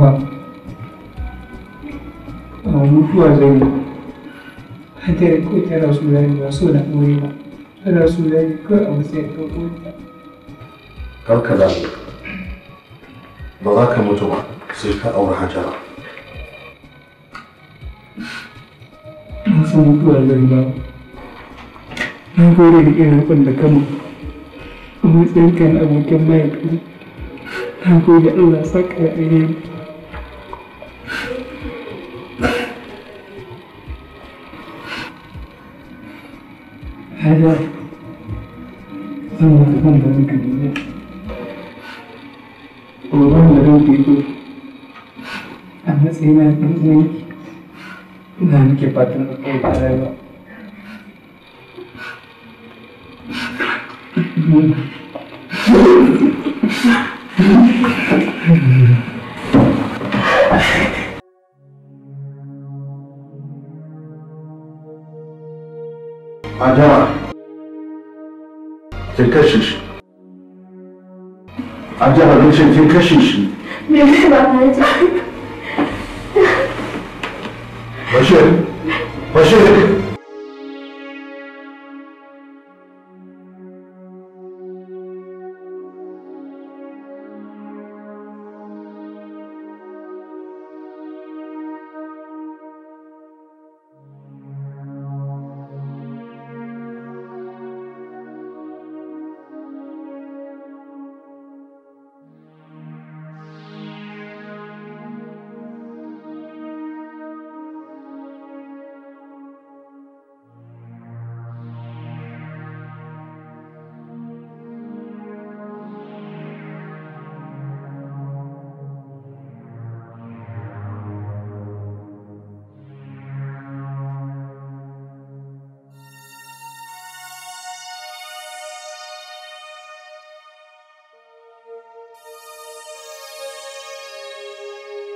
ba ba mutuwa zai yi hata ya kawai ta rasu da ba so na aure ba ta rasu da kawai a matsayin ɗan uwanta kar ka zaɓi ba za ka mutu ba sai ka aure hajara na san mutuwa zai ba na gode da irin rufin da kama a matsayin kan abokin mahaifi na gode Allah saka ya ayyana 还是让我让别人感觉，我让别人记住，हमें सही महसूस नहीं धन के पत्र में कोई रहेगा kin kashe shi an ji abincin kin kashe shi me ba bashir bashir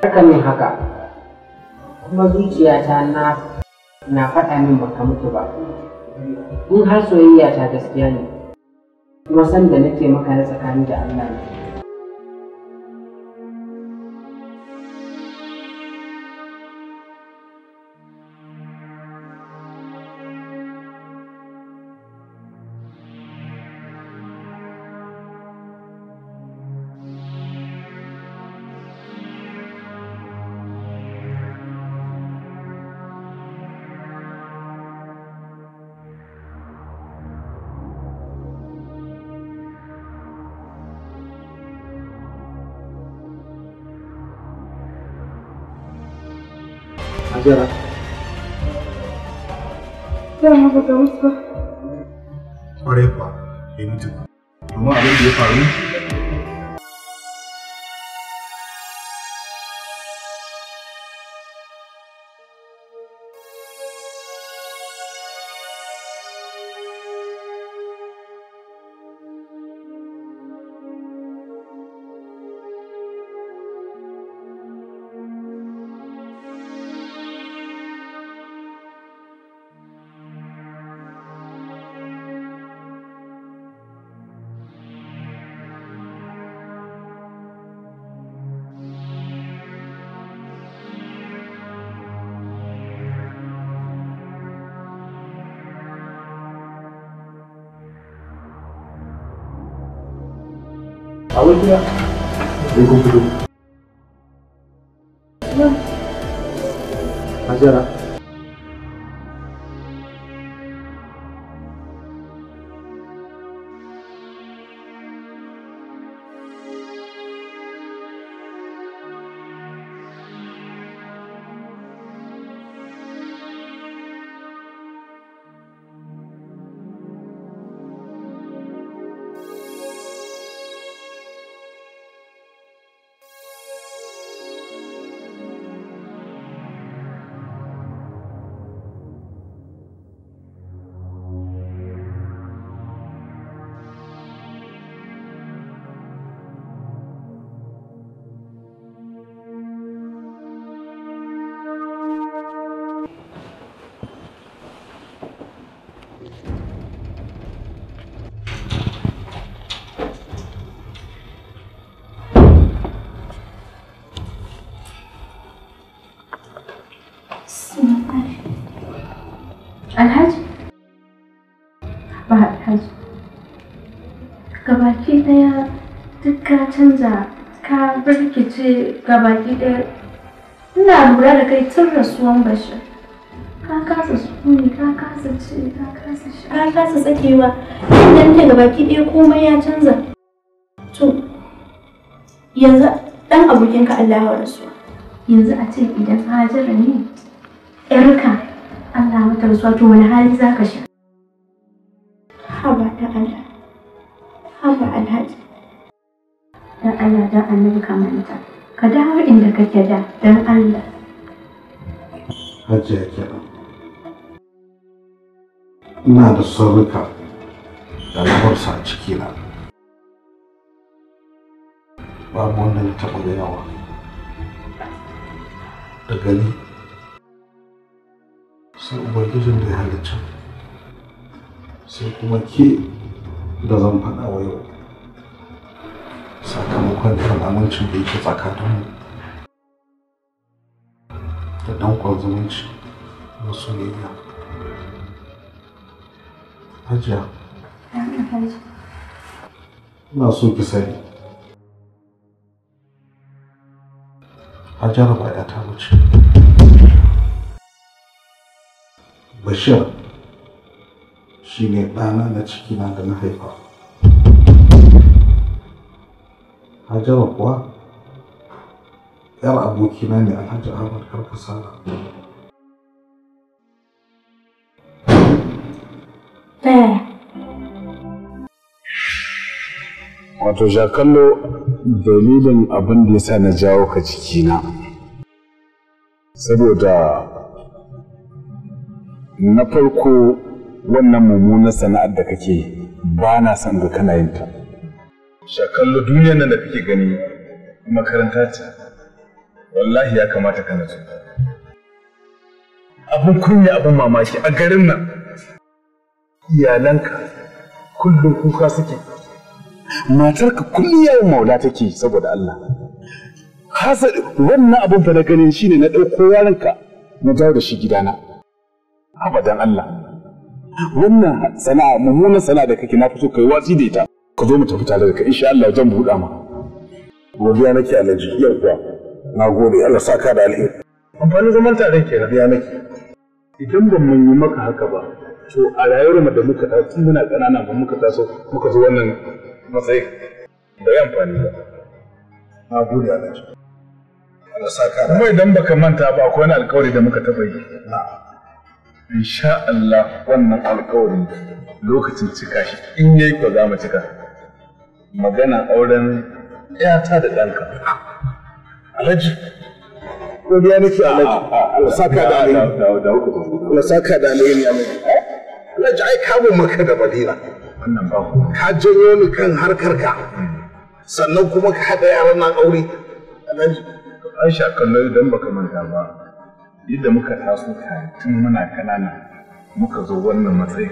Haka min haka, kuma zuciyata na na faɗa min baka mutu ba. In har soyayya ta gaskiya ne, kuma san da nake maka na tsakani da Allah ne. Hajara. Dama ba ga mutu ba. Kwarai kuwa, bai mutu abin da ya a wani gida ne Alhaji? Ba Alhaji. Gabaki ɗaya duk ka canza ka birkice gabaki ɗaya. Ina lura da kai tun rasuwan bashi. Ka kasa suni, ka kasa ci, ka kasa sha. Ka kasa tsakewa. Idan ta gabaki ɗaya komai ya canza. To, yanzu ɗan abokinka Allah ya rasuwa. Yanzu a ce idan Hajara ne, ‘yarka Allah mata rasuwa to wani hali za ka sha? Haba da Allah. Haba Alhaji. Dan Allah dan annabi ka manta. Ka dawo inda kake da dan Allah. Hajiya kenan. Ina da sarruka da lamarsa a cikina. Babu wanda na taɓa gayawa. Da gani sai ubangijin da ya halicci sai kuma ke da zan faɗa wa yau sakamakon irin da yake tsakaninmu da danƙon zumunci na soyayya hajiya ina so ki sani hajara ba 'ya ta wuce. bashir shi ne ɗana na cikina da na haifa hajara kuwa yar abokina ne alhaji ahmad karkasara wato jakallo dalilin abin da ya sa na jawo ka cikina saboda na farko wannan mummunan sana'ar da kake ba na son ga kana yin ta shakallo duniyar nan da kake gani makaranta ce wallahi ya kamata kana so abin kunya abin mamaki a garin nan iyalanka kullum kuka suke matarka kullum yawon maula take saboda Allah hasa wannan abin fa na ganin shine na ɗauko yaranka na dawo da shi gidana abadan Allah wannan sana'a mummunan sana'a da kake na fi so kai watsi da ita ka zo mu tafi tare da kai insha Allah zan buɗa ma godiya nake alaji kuwa. na gode Allah ka da alheri amfanin zaman tare na biya nake idan ban mun yi maka haka ba to a rayuwar da muka ta tun muna ƙanana ba muka taso muka zo wannan matsayin bai amfani ba na gode ka Allah saka kuma idan baka manta ba akwai wani alƙawari da muka taɓa yi na'am insha Allah wannan alkawari lokacin cika shi in yayi ko za mu cika magana auren ƴata da ɗanka alhaji godiya nake alhaji Allah saka da alheri Allah saka da alheri alhaji alhaji ai kawo maka da madina wannan ba ka janyo ni kan harkar ka hmm. sannan kuma ka haɗa yaran nan aure alhaji Aisha kallon idan baka manta ba yadda muka taso tun muna kanana muka zo wannan matsayin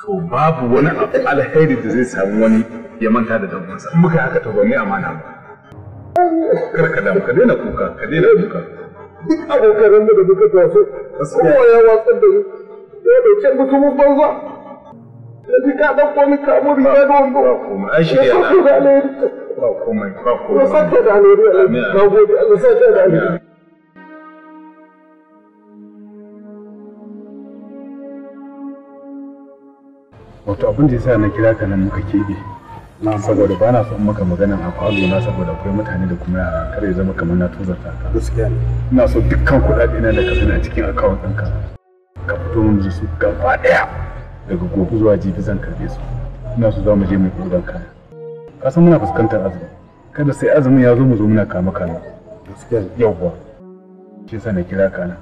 to babu wani alheri da zai samu wani ya manta da dangunsa in muka haka to ba mai amana ba kar ka damu ka daina kuka ka daina kuka duk abokan da muka taso kowa ya watsar da mu ya dauke mutumin banza ya ji ka ɗan kwani ka mu riga da wando ai shi ya na ba komai ba komai ba komai, ba komai, ba komai, ba komai, ba komai, wato abin da ya sa na kira ka nan muka keɓe saboda ba na son maka maganan a falo na saboda akwai mutane da kuma yara kare zama kamar na ta ka gaskiya ne ina so dukkan kuɗaɗe na da ka sani a cikin akawun ɗinka ka fito mun da su gaba ɗaya daga gobe zuwa jibi zan karɓe su ina so za mu je mu yi ka ka san muna fuskantar azumi kada sai azumin ya zo mu zo muna kama kana gaskiya ne yawwa shi yasa na kira ka nan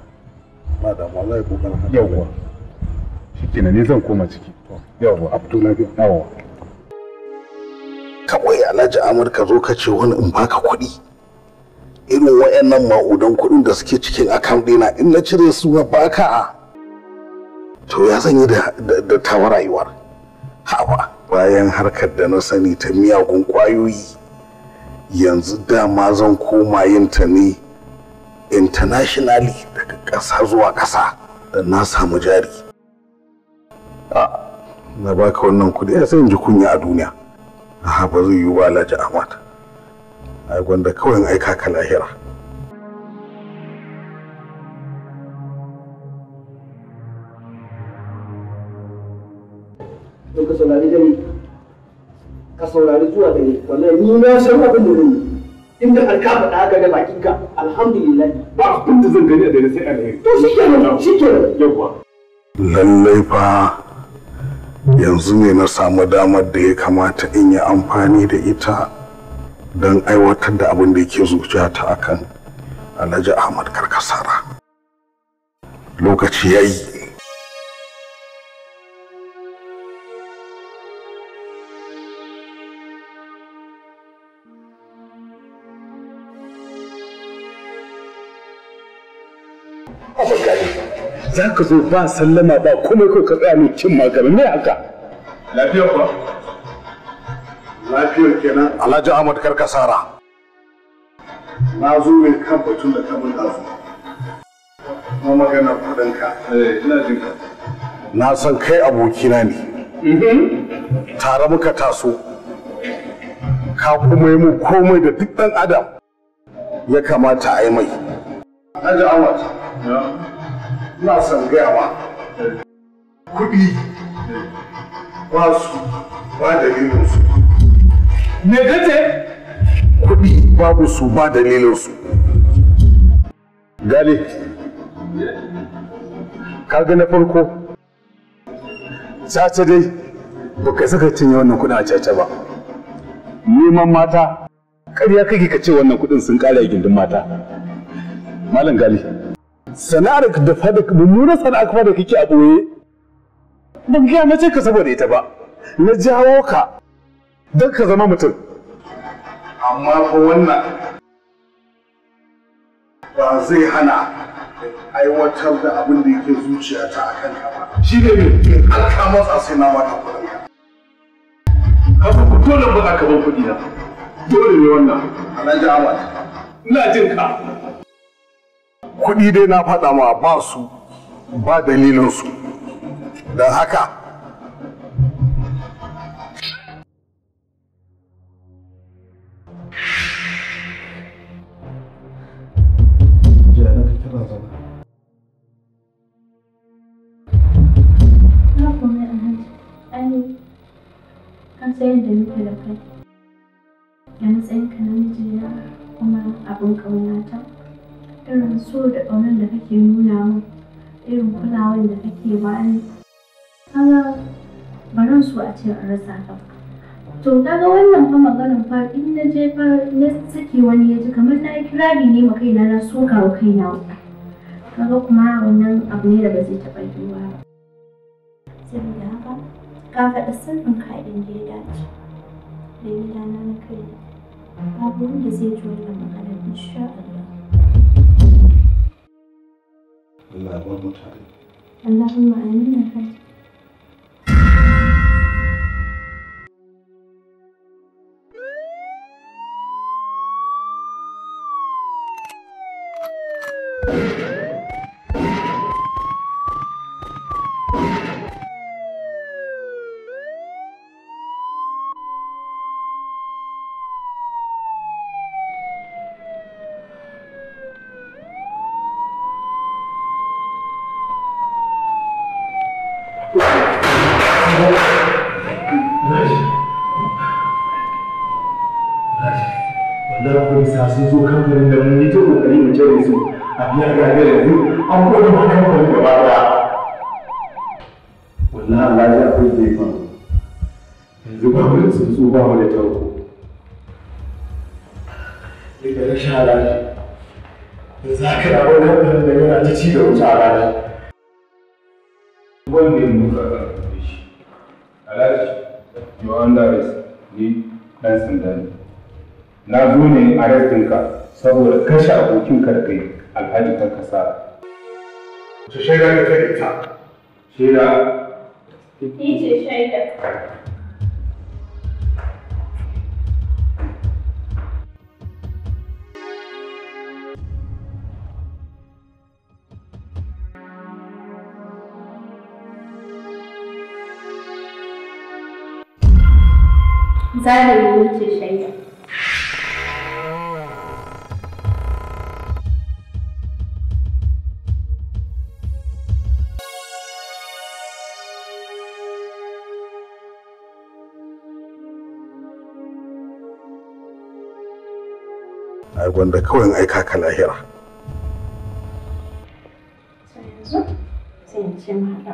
ba da wallahi kokarin yawwa shikenan ne zan koma ciki yawa abdu yawa kawai alhaji amurka zo ka ce wani in baka kuɗi irin wayannan ma'udan kuɗin da suke cikin akam ɗina in na cire su na baka to ya zanyi da da tawa rayuwar hawa bayan harkar da na sani ta miyagun ƙwayoyi yanzu dama zan koma yin ta ne internationally daga ƙasa zuwa ƙasa da na samu jari ah, na baka wannan kuɗi ya sai in ji kunya a duniya a ba zai yi ba alhaji ahmad ai gwanda kawai in aika ka lahira ka saurari zuwa ni na san abin da faɗa da bakin ka alhamdulillah ba abin da zan gani a dare sai alheri to yawwa lallai fa yanzu ne na samu damar da ya kamata in yi amfani da ita don aiwatar da abin da yake zuciya ta akan alhaji ahmad karkasara lokaci ya yi za ka zo ba sallama ba kuma kai ka tsaya mai cin magana me haka lafiya kuwa lafiya kenan alhaji ahmad karkasara na zo ne kan batun da ka mun dazu na magana kuɗinka eh, ina jin ka na san kai abokina ne mm-hmm. tare muka taso ka kuma yi mu komai da duk dan adam ya kamata a yi mai Hajji Ahmad, ina son gaya ma kuɗi ba su ba dalilin su me kace kuɗi babu su ba dalilin su gali kaga na farko Cace dai baka saka cinye wannan kuɗin a cace ba neman mata ƙarya kake ka ce wannan kuɗin sun ƙare a gindin mata malam gali sana'ar da fada mummunar sana'ar kuma da kake a ɓoye ban gaya mace ka saboda ita ba na jawo ka don ka zama mutum amma fa wannan ba zai hana aiwatar da abin da yake zuciyata a kan ba shi ne ne an kama sai na mata kuɗin ka kasa ku dole ba a ka ban kuɗi na dole ne wannan alhaji ahmad ina jin ka kuɗi dai na faɗa ma ba su ba dalilinsu don haka sayar da muke da kai a matsayinka na kuma abin ƙaunata irin so da ƙaunar da kake nuna min irin kulawar da kake bani kaga baran su a ce an rasa ka to kaga wannan fa maganin fa in na je fa na sake wani ya ji kamar na yi kirari ne ma kaina na soka wa kaina kaga kuma wannan abu ne da ba zai taɓa yiwuwa ba saboda haka ka faɗa sirrin ka inda ya dace da gidana na kai babu wanda zai ji wannan maganar insha Allah اللهم آمين sun tsufa mu da tarko daga rashin halali da za ka rawar da wannan da yana ta ci da wuce a rana wanda yin muka karfafe shi alhaji yawan daris ni dan sanda ne na zo ne a rastinka saboda kashe abokin karfe alhaji ta kasa ta shaida ka ta ita shaida ni ce shaida zahiri ne ke shaida. ai gwanda kawai in aika ka lahira. Sai Yanzu sai in ce ma da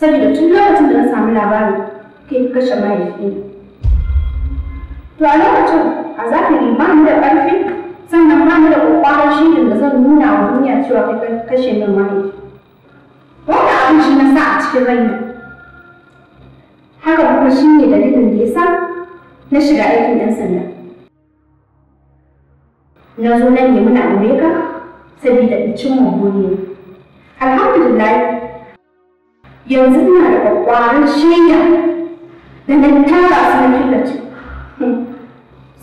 saboda tun lokacin da na samu labari ke kashe mahaifi to a lokacin a zahiri ba da ƙarfi sannan ba da ƙwaƙwaran shirin da zan nuna wa duniya cewa kai kashe min mahaifi wanda abin shi na sa a cikin raina haka kuma shi ne dalilin da ya sa na shiga aikin ɗan sanda na zo nan ne muna aure saboda in cimma burina alhamdulillah yanzu ina da kwakwaran shirya da na tara su na killace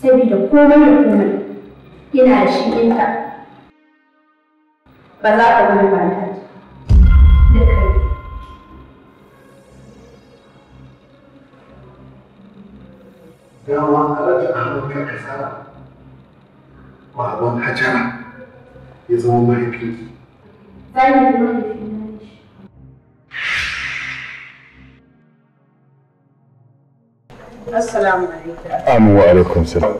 saboda komai da komai ina da shi ɗinta ba za ka wani ba ta ce dama alhaji ahmad ka kasara baban hajjara ya zama mahaifinki zai yi mahaifi Assalamu alaikum. Amu wa alaikum salam.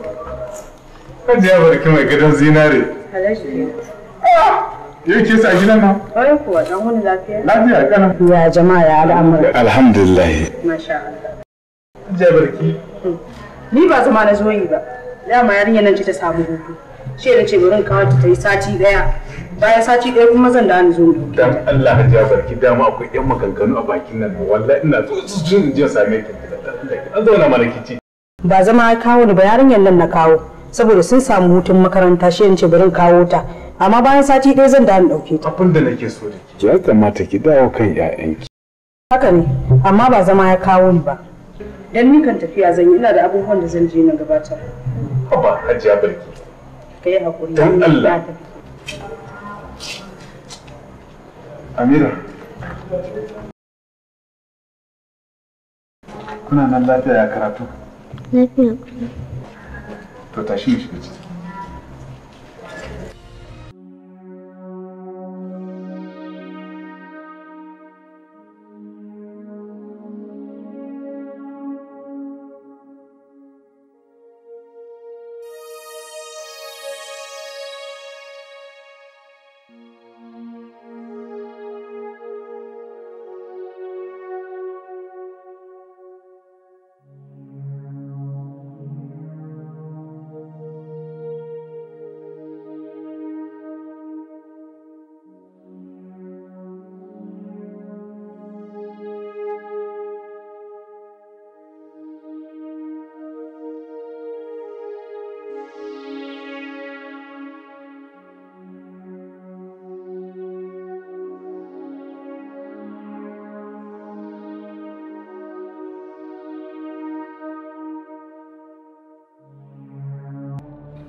Hajiya barki mai gidan zinare. Halashi. Ah, yau ke sa gidan nan? Wai kuwa dan wani lafiya. Lafiya kana. Ya jama'a ya al'amura. Alhamdulillah. Masha Allah. Hajiya barki. Hmm. Ni ba zama na zo yi ba. ma yarinya nan ce ta samu hutu. Shi ne ce bari kawo ta yi sati daya. Bayan sati ɗaya kuma zan da ni zo Dan Allah Hajiya barki dama akwai 'yan maganganu a bakin nan wallahi ina so su jin same ki. an zauna mana ba zama ya kawo ni ba yarinyar nan na kawo saboda sun samu hutun makaranta shi yance ce bari kawo ta amma bayan sati ɗaya zan da ɗauke ta abin da nake so da ki ya kamata ki dawo kan ƴaƴanki haka ne amma ba zama ya kawo ni ba dan ni kan tafiya zan yi ina da abubuwan da zan je na gabata. haba hajiya barki kai hakuri dan Allah Amira kuna nan lafiya ya karatu lafiya to tashi mu shiga ciki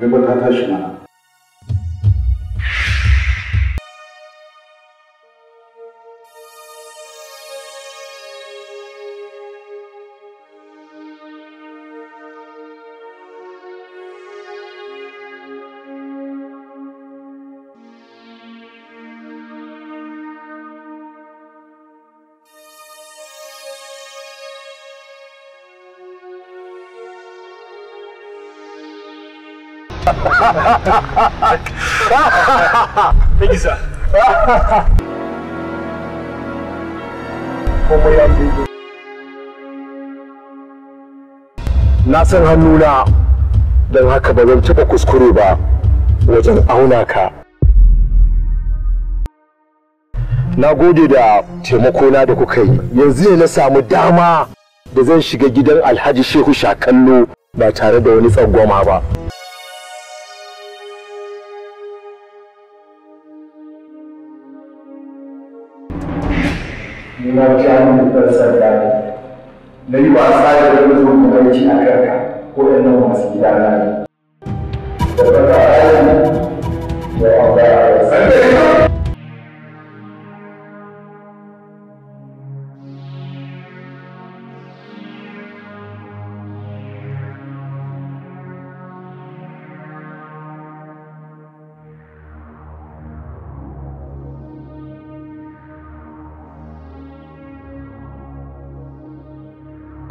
به مدت Thank you, sir. Na san hannuna don haka ba zan taɓa kuskure ba wajen auna ka. Na gode da taimakona da kuka yi, yanzu ne na samu dama da zan shiga gidan Alhaji Shehu Shakallo ba tare da wani tsangwama ba. ni ma jami'in ɗan sanda ne na yi wasa da wani zo kumaici a kanka ko ɗan nan masu gida na ne. Da ba ta da wanda a yau.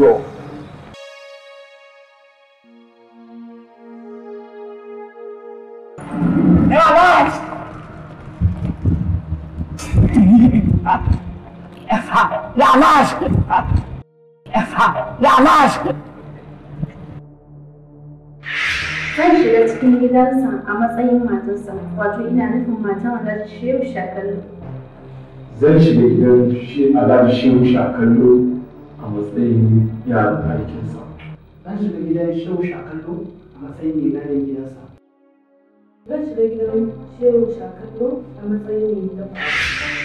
yok. Evet. Yavaş. Yavaş. Zan shiga cikin gidansa a matsayin matarsa, wato ina nufin matan Alhaji Shehu Shakalu. Zan shiga gidan Alhaji Shehu Shakalu matsayin yaron aikinsa. Zan shiga gidan shehu shakallo a matsayin ne na gidansa. Zan shiga gidan shehu shakallo a matsayin ne na